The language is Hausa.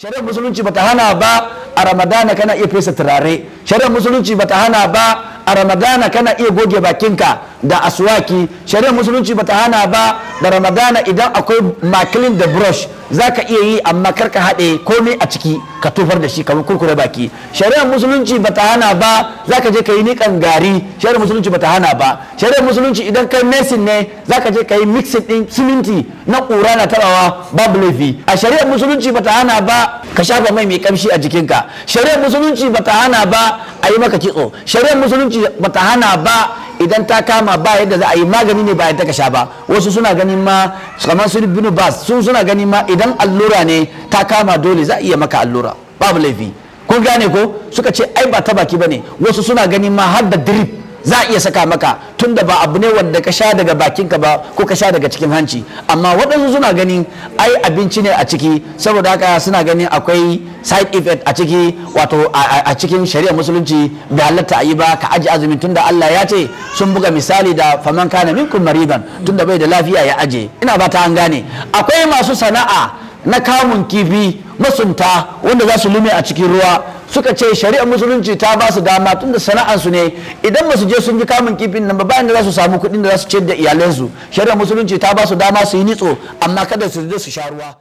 shari'ar musulunci bata hana ba a ramadana kana iya fesa turare shari'ar musulunci bata hana ba a ramadana kana iya goge bakinka da aswaki shari'ar musulunci bata hana ba da ramadana idan akwai makilin da brush ka iya yi amma kar ka haɗe komai a ciki ka tofar da shi kamar kurkure baki shari'ar musulunci bata hana ba za ka je ka yi niƙan gari shari'ar musulunci bata hana ba shari'ar musulunci idan kai mesin ne za ka je ka yi mixing din siminti na ƙura na tabawa babu laifi a shari'ar musulunci bata hana ba ka shafa mai mai kamshi a jikinka shari'ar musulunci bata hana ba a yi maka kitso shari'ar musulunci bata hana ba idan ta kama ba yadda za a yi magani ne bayan ta sha ba wasu suna ganin ma kamar su ibn bas sun suna ganin ma idan allura ne ta kama dole za a iya maka allura babu laifi kun gane ko suka ce ai ba ta baki ba ne wasu suna ganin ma har da drip za a iya saka maka tunda ba abu ne wanda ka sha daga bakinka ba ko ka sha daga cikin hanci amma waɗansu suna ganin ai abinci ne a ciki saboda haka suna ganin akwai side effect a ciki wato a cikin shari'a musulunci bai halatta a yi ba ka aji azumi tunda Allah ya ce sun buga misali da faman kana minkum maridan tunda bai da lafiya ya aje ina ba ta an gane akwai masu sana'a na kamun kifi masunta wanda za su lume a cikin ruwa suka ce shari'ar musulunci ta ba su dama tunda sana'arsu ne idan ba su je sun ji kamun kifin nan ba bayan da za su samu kuɗin da za su ciyar da iyalansu shari'ar musulunci ta ba su dama su yi nitso amma kada su je su sha ruwa